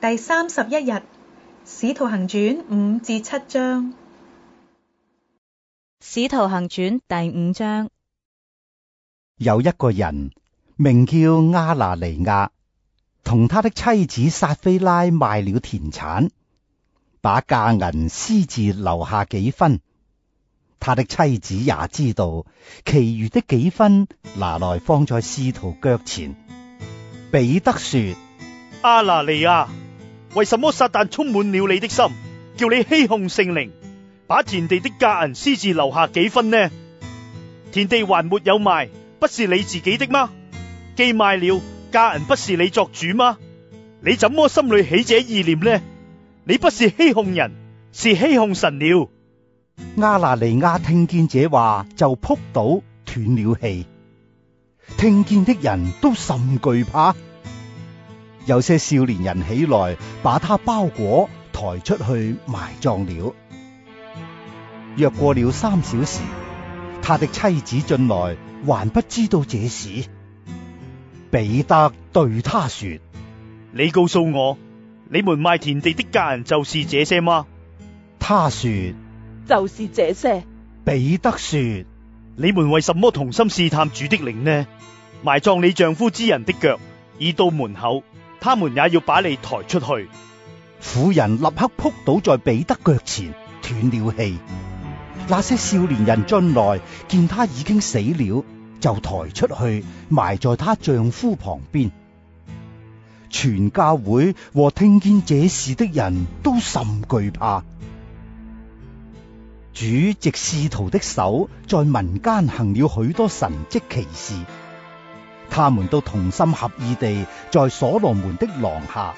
第三十一日，《使徒行傳》五至七章，《使徒行傳》第五章，有一個人名叫亞拿尼亞，同他的妻子撒菲拉賣了田產，把價銀私自留下幾分。他的妻子也知道，其餘的幾分拿來放在使徒腳前。彼得說：亞拿尼亞。為什麼撒旦充滿了你的心，叫你欺哄聖靈，把田地的家人私自留下幾分呢？田地還沒有賣，不是你自己的嗎？既賣了，家人不是你作主嗎？你怎麼心裏起這意念呢？你不是欺哄人，是欺哄神了。亞拿尼亞聽見這話，就僕倒斷了氣。聽見的人都甚懼怕。有些少年人起來，把他包裹抬出去埋葬了。約過了三小時，他的妻子進來，還不知道這事。彼得對他說：「你告訴我，你們賣田地的家人就是這些嗎？」他說：「就是這些。」彼得說：「你們為什麼同心試探主的靈呢？埋葬你丈夫之人的腳，已到門口。」他們也要把你抬出去。婦人立刻撲倒在彼得腳前，斷了氣。那些少年人進來，見他已經死了，就抬出去埋在他丈夫旁邊。全教會和聽見這事的人都甚懼怕。主藉使徒的手，在民間行了許多神跡奇事。他們都同心合意地在所羅門的廊下，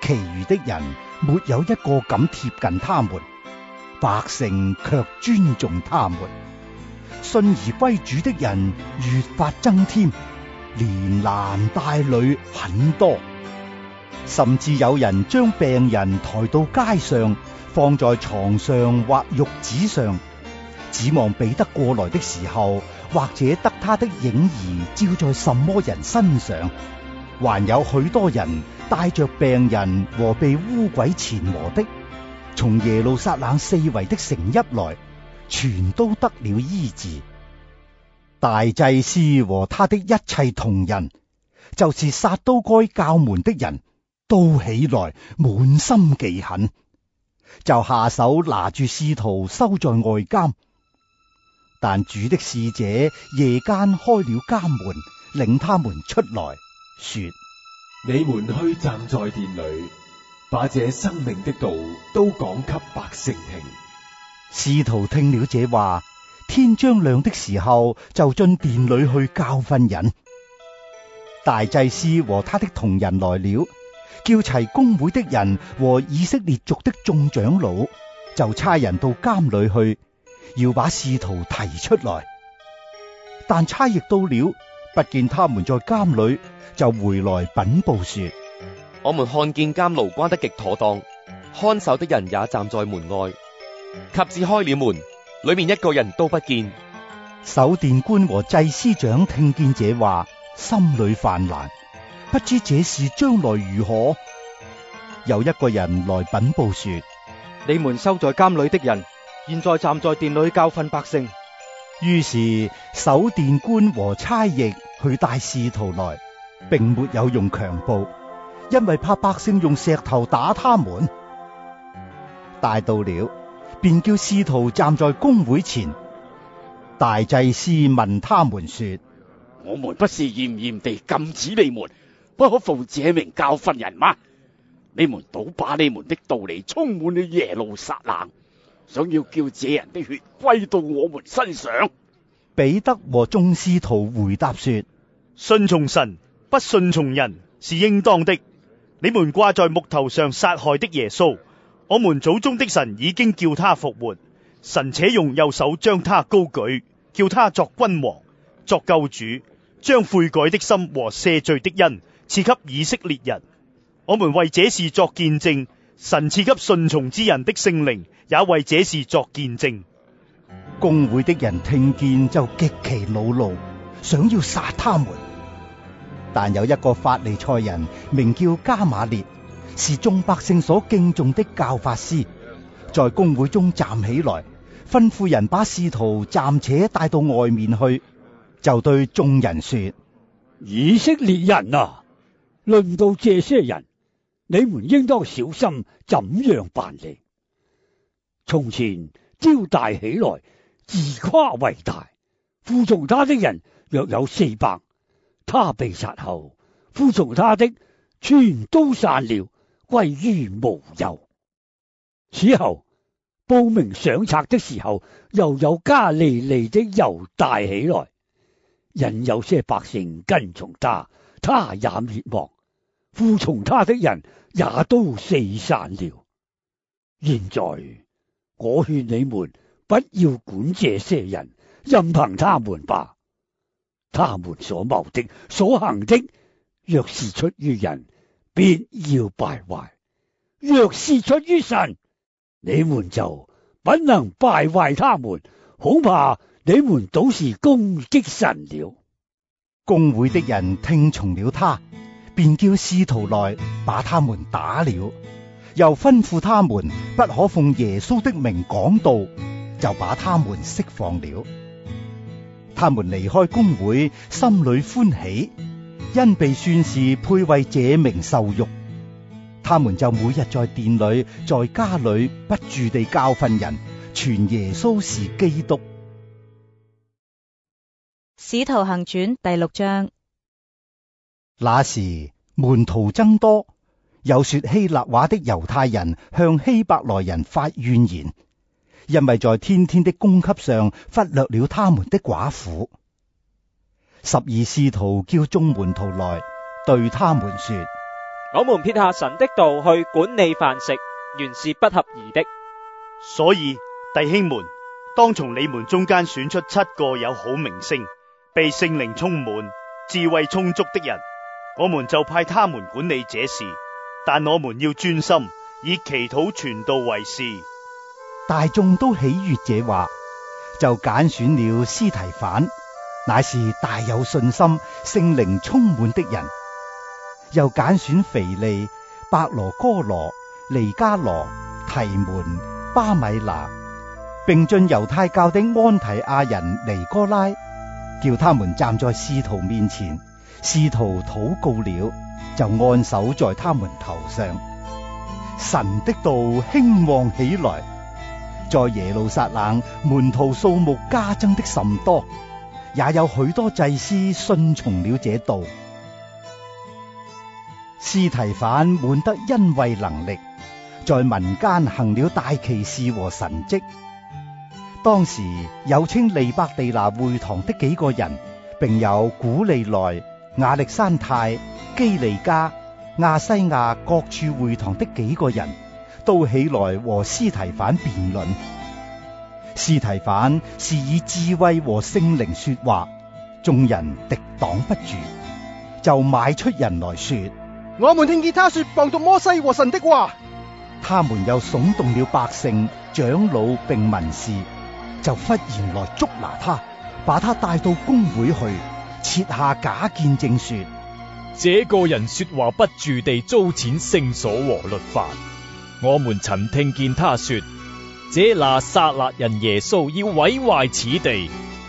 其餘的人沒有一個敢貼近他們，百姓卻尊重他們，信而歸主的人越發增添，連男帶女很多，甚至有人將病人抬到街上，放在床上或玉子上。指望彼得過來的時候，或者得他的影兒照在什麼人身上，還有許多人帶着病人和被污鬼纏磨的，從耶路撒冷四圍的城邑來，全都得了醫治。大祭司和他的一切同人，就是撒都該教門的人都起來，滿心忌恨，就下手拿住使徒，收在外監。但主的使者夜間開了監門，領他們出來，說：你們去站在殿裏，把這生命的道都講給百姓聽。使徒聽了這話，天將亮的時候，就進殿裏去教訓人。大祭司和他的同人來了，叫齊公會的人和以色列族的眾長老，就差人到監裏去。要把使徒提出來，但差役到了，不見他們在監裏，就回來稟報說：我們看見監牢關得極妥當，看守的人也站在門外，及至開了門，裏面一個人都不見。守殿官和祭司長聽見這話，心裏犯難，不知這事將來如何。有一個人來稟報說：你們收在監裏的人。現在站在殿裏教訓百姓，於是守殿官和差役去帶使徒來，並沒有用強暴，因為怕百姓用石頭打他們。帶到了，便叫使徒站在公會前。大祭司問他們說：我們不是嚴嚴地禁止你們不可奉這名教訓人嗎？你們倒把你們的道理充滿了耶路撒冷。想要叫這人的血歸到我們身上。彼得和眾使徒回答說：信從神，不信從人是應當的。你們掛在木頭上殺害的耶穌，我們祖宗的神已經叫他復活，神且用右手將他高舉，叫他作君王、作救主，將悔改的心和赦罪的恩賜給以色列人。我們為這事作見證。神賜給順從之人的聖靈，也為這事作見證。公會的人聽見就極其惱怒，想要殺他們。但有一個法利賽人，名叫加瑪列，是眾百姓所敬重的教法師，在公會中站起來，吩咐人把使徒暫且帶到外面去，就對眾人說：以色列人啊，論到這些人。你們應當小心怎樣辦理。從前丟大起來，自誇為大，附從他的人約有四百。他被殺後，附從他的全都散了，歸於無有。此後報名上冊的時候，又有加利利的猶大起來，引有些百姓跟從他，他也滅亡。附從他的人也都四散了。現在我勸你們不要管這些人，任憑他們吧。他們所謀的、所行的，若是出於人，必要敗壞；若是出於神，你們就不能敗壞他們。恐怕你們倒是攻擊神了。公會的人聽從了他。便叫使徒來把他們打了，又吩咐他們不可奉耶穌的名講道，就把他們釋放了。他們離開公會，心裏歡喜，因被算是配為這名受辱。他們就每日在殿裏，在家裏不住地教訓人，傳耶穌是基督。使徒行傳第六章。那時門徒增多，有說希臘話的猶太人向希伯來人發怨言，因為在天天的供給上忽略了他們的寡婦。十二使徒叫眾門徒來對他們說：我們撇下神的道去管理飯食，原是不合宜的。所以弟兄們，當從你們中間選出七個有好名聲、被聖靈充滿、智慧充足的人。我們就派他們管理這事，但我們要專心以祈禱傳道為事。大眾都喜悦這話，就揀選了司提反，乃是大有信心、聖靈充滿的人；又揀選腓利、伯羅哥羅、尼迦羅、提門、巴米拿，並進猶太教的安提阿人尼哥拉，叫他們站在使徒面前。使徒禱告了，就按手在他們頭上。神的道興旺起來，在耶路撒冷門徒數目加增的甚多，也有許多祭司信從了這道。司提反滿得恩惠能力，在民間行了大奇事和神蹟。當時有稱利百地拿會堂的幾個人，並有古利奈。亞力山太、基利家、亞西亞各處會堂的幾個人，都起來和斯提反辯論。斯提反是以智慧和聖靈說話，眾人敵擋不住，就買出人來說：我們聽見他說謗讟摩西和神的話。他們又聳動了百姓、長老並文士，就忽然來捉拿他，把他帶到公會去。設下假見證說，這個人說話不住地糟踐聖所和律法。我們曾聽見他說：這拿撒勒人耶穌要毀壞此地，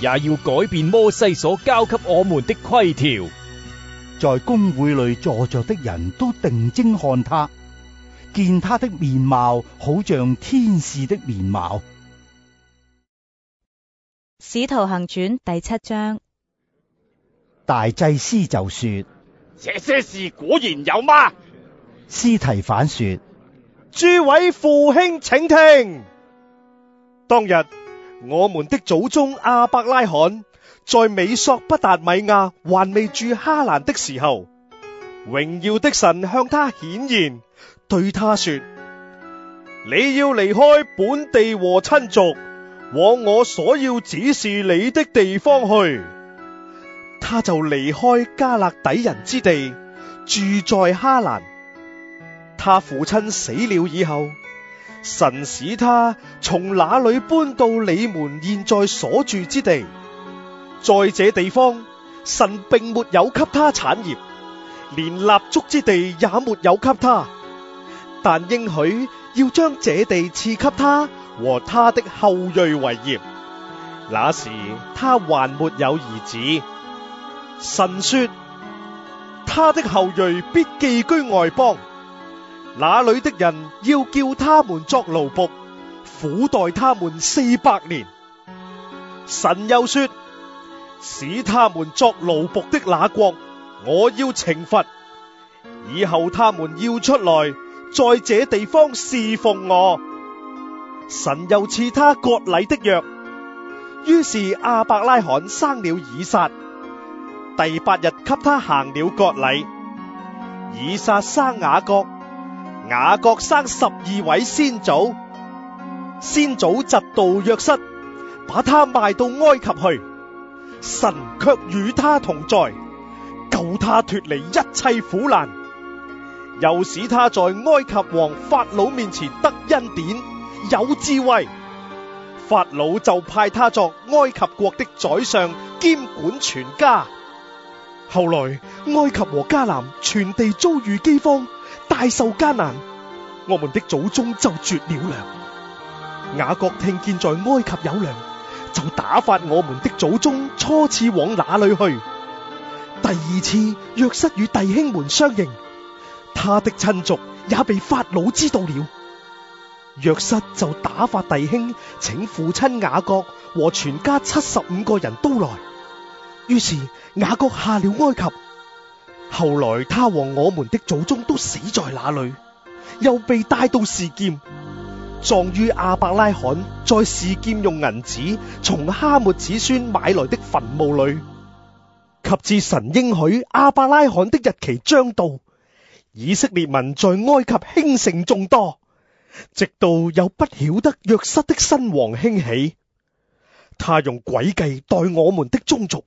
也要改變摩西所交給我們的規條。在公會裏坐着的人都定睛看他，見他的面貌好像天使的面貌。《使徒行傳》第七章。大祭司就說：這些事果然有嗎？司提反說：諸位父兄請聽，當日我們的祖宗亞伯拉罕在美索不達米亞還未住哈蘭的時候，榮耀的神向他顯現，對他說：你要離開本地和親族，往我所要指示你的地方去。他就離開加勒底人之地，住在哈蘭。他父親死了以後，神使他從那裏搬到你們現在所住之地。在這地方，神並沒有給他產業，連立足之地也沒有給他，但應許要將這地賜給他和他的後裔為業。那時他還沒有兒子。神說，他的後裔必寄居外邦，那裏的人要叫他們作奴僕，苦待他們四百年。神又說，使他們作奴僕的那國，我要懲罰，以後他們要出來，在這地方侍奉我。神又賜他割禮的約，於是亞伯拉罕生了以撒。第八日，給他行了割禮。以撒生雅各，雅各生十二位先祖。先祖嫉妒約瑟，把他賣到埃及去。神卻與他同在，救他脫離一切苦難。又使他在埃及王法老面前得恩典，有智慧。法老就派他作埃及國的宰相，兼管全家。後來埃及和迦南全地遭遇饑荒，大受艱難，我們的祖宗就絕了糧。雅各聽見在埃及有糧，就打發我們的祖宗初次往那裏去。第二次約瑟與弟兄們相認，他的親族也被法老知道了。約瑟就打發弟兄，請父親雅各和全家七十五個人都來。於是雅各下了埃及，後來他和我們的祖宗都死在那裏，又被帶到示劍，葬於亞伯拉罕在示劍用銀子從哈末子孫買來的墳墓裏。及至神應許亞伯拉罕的日期將到，以色列民在埃及興盛眾多，直到有不曉得約瑟的新王興起，他用詭計待我們的宗族。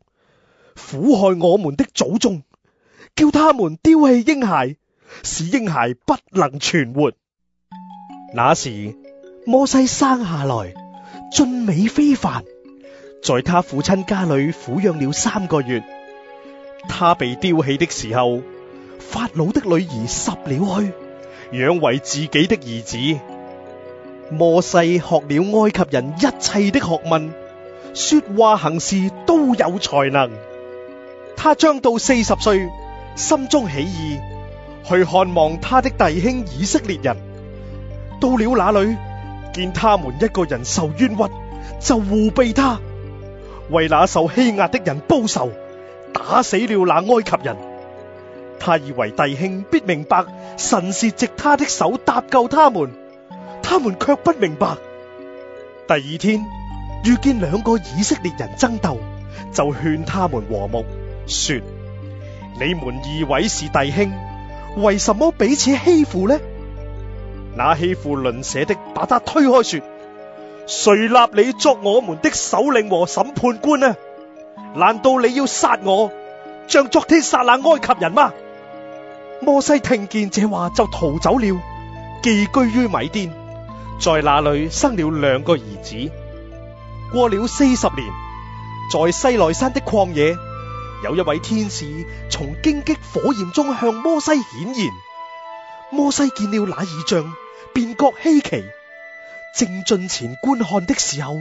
苦害我們的祖宗，叫他們丟棄嬰孩，使嬰孩不能存活。那時摩西生下來，俊美非凡，在他父親家裏撫養了三個月。他被丟棄的時候，法老的女兒拾了去，養為自己的兒子。摩西學了埃及人一切的學問，說話行事都有才能。他將到四十歲，心中起意去看望他的弟兄以色列人。到了那裏，見他們一個人受冤屈，就護庇他，為那受欺壓的人報仇，打死了那埃及人。他以為弟兄必明白神是藉他的手搭救他們，他們卻不明白。第二天遇見兩個以色列人爭鬥，就勸他們和睦。說：你們二位是弟兄，為什麼彼此欺負呢？那欺負鄰舍的，把他推開說：誰立你作我們的首領和審判官呢？難道你要殺我，像昨天殺那埃及人嗎？摩西聽見這話就逃走了，寄居於米甸，在那裡生了兩個兒子。過了四十年，在西乃山的曠野。有一位天使從荊棘火焰中向摩西顯現，摩西見了那異象，便覺稀奇。正進前觀看的時候，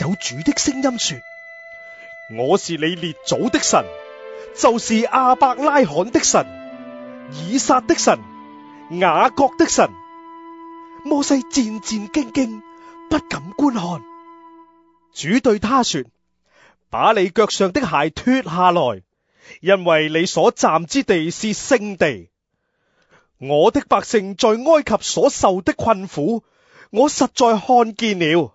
有主的聲音說：我是你列祖的神，就是亞伯拉罕的神、以撒的神、雅各的神。摩西戰戰兢兢，不敢觀看。主對他說。把你腳上的鞋脫下來，因為你所站之地是聖地。我的百姓在埃及所受的困苦，我實在看見了，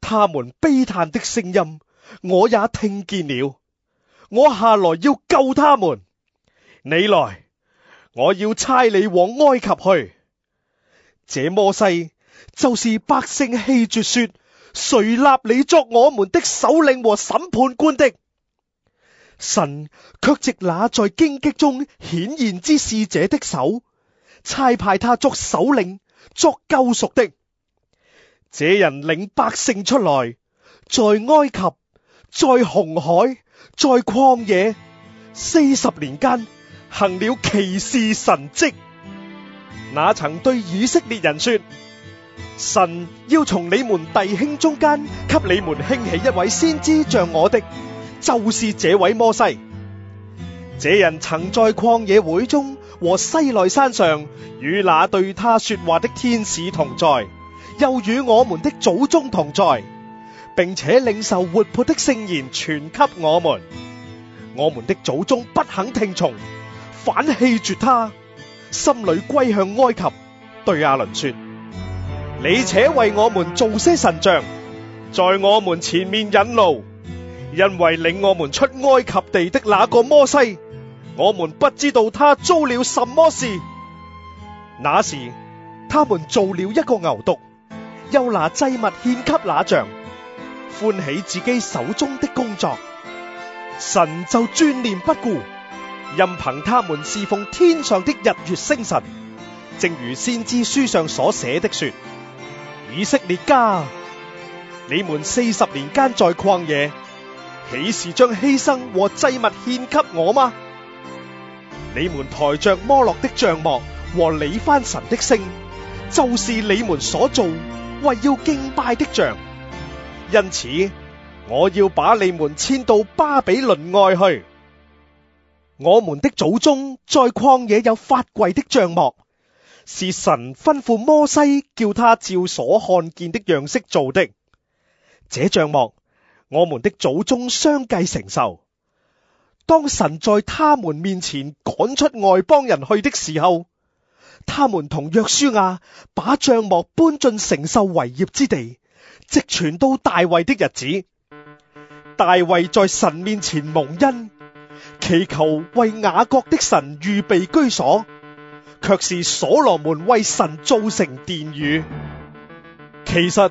他們悲嘆的聲音我也聽見了。我下來要救他們。你來，我要差你往埃及去。這摩西就是百姓棄絕說。誰立你作我們的首領和審判官的？神卻藉那在荊棘中顯現之使者的手，差派他作首領、作救贖的。這人領百姓出來，在埃及、在紅海、在曠野四十年間，行了奇事神蹟。那曾對以色列人說。神要從你們弟兄中間給你們興起一位先知像我的，就是這位摩西。這人曾在曠野會中和西奈山上與那對他說話的天使同在，又與我們的祖宗同在，並且領受活潑的聖言傳給我們。我們的祖宗不肯聽從，反棄絕他，心裏歸向埃及。對亞倫說。你且為我們造些神像，在我們前面引路，因為領我們出埃及地的那個摩西，我們不知道他遭了什麼事。那時，他們做了一個牛犢，又拿祭物獻給那像，歡喜自己手中的工作。神就專念不顧，任憑他們侍奉天上的日月星辰，正如先知書上所寫的說。以色列家，你們四十年間在曠野，豈是將犧牲和祭物獻給我嗎？你們抬着摩洛的帳幕和理番神的星，就是你們所做為要敬拜的像，因此我要把你們遷到巴比倫外去。我們的祖宗在曠野有法櫃的帳幕。是神吩咐摩西，叫他照所看見的樣式做的。這帳幕，我們的祖宗相繼承受。當神在他們面前趕出外邦人去的時候，他們同約書亞把帳幕搬進承受為業之地，直傳到大衛的日子。大衛在神面前蒙恩，祈求為雅各的神預備居所。卻是所羅門為神造成殿宇。其實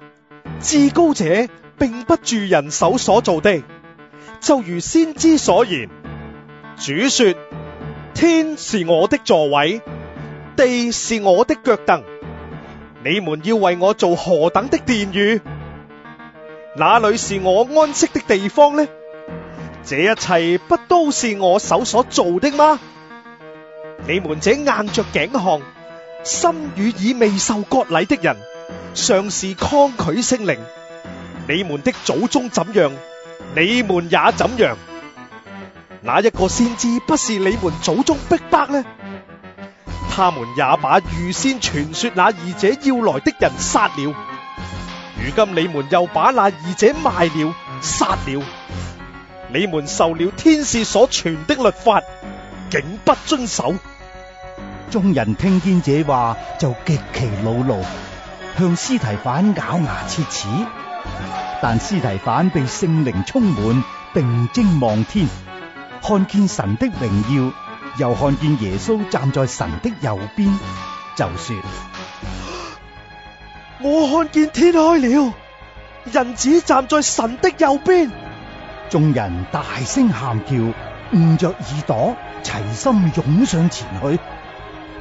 至高者並不住人手所做的，就如先知所言，主說：天是我的座位，地是我的腳凳。你們要為我做何等的殿宇？哪裏是我安息的地方呢？這一切不都是我手所做的嗎？你們這硬着頸項、心與耳未受割禮的人，常是抗拒聖靈。你們的祖宗怎樣，你們也怎樣。哪一個先知不是你們祖宗逼迫呢？他們也把預先傳說那義者要來的人殺了。如今你們又把那義者賣了、殺了。你們受了天使所傳的律法。竟不遵守，眾人聽見這話就極其惱怒，向司提反咬牙切齒。但司提反被聖靈充滿，定睛望天，看見神的榮耀，又看見耶穌站在神的右邊，就說：我看見天開了，人子站在神的右邊。眾人大聲喊叫。捂着耳朵，齊心湧上前去，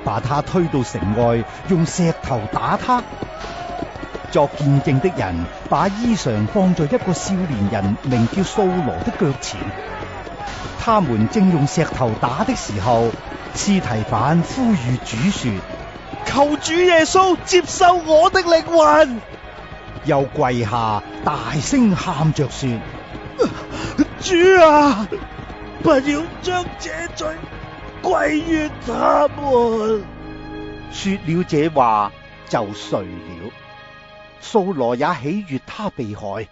把他推到城外，用石頭打他。作見證的人把衣裳放在一個少年人名叫掃羅的腳前。他們正用石頭打的時候，司提反呼籲主說：求主耶穌接受我的靈魂。又跪下，大聲喊着說： 主啊！不要將這罪歸於他們。說了這話就睡了。掃羅也喜悅他被害。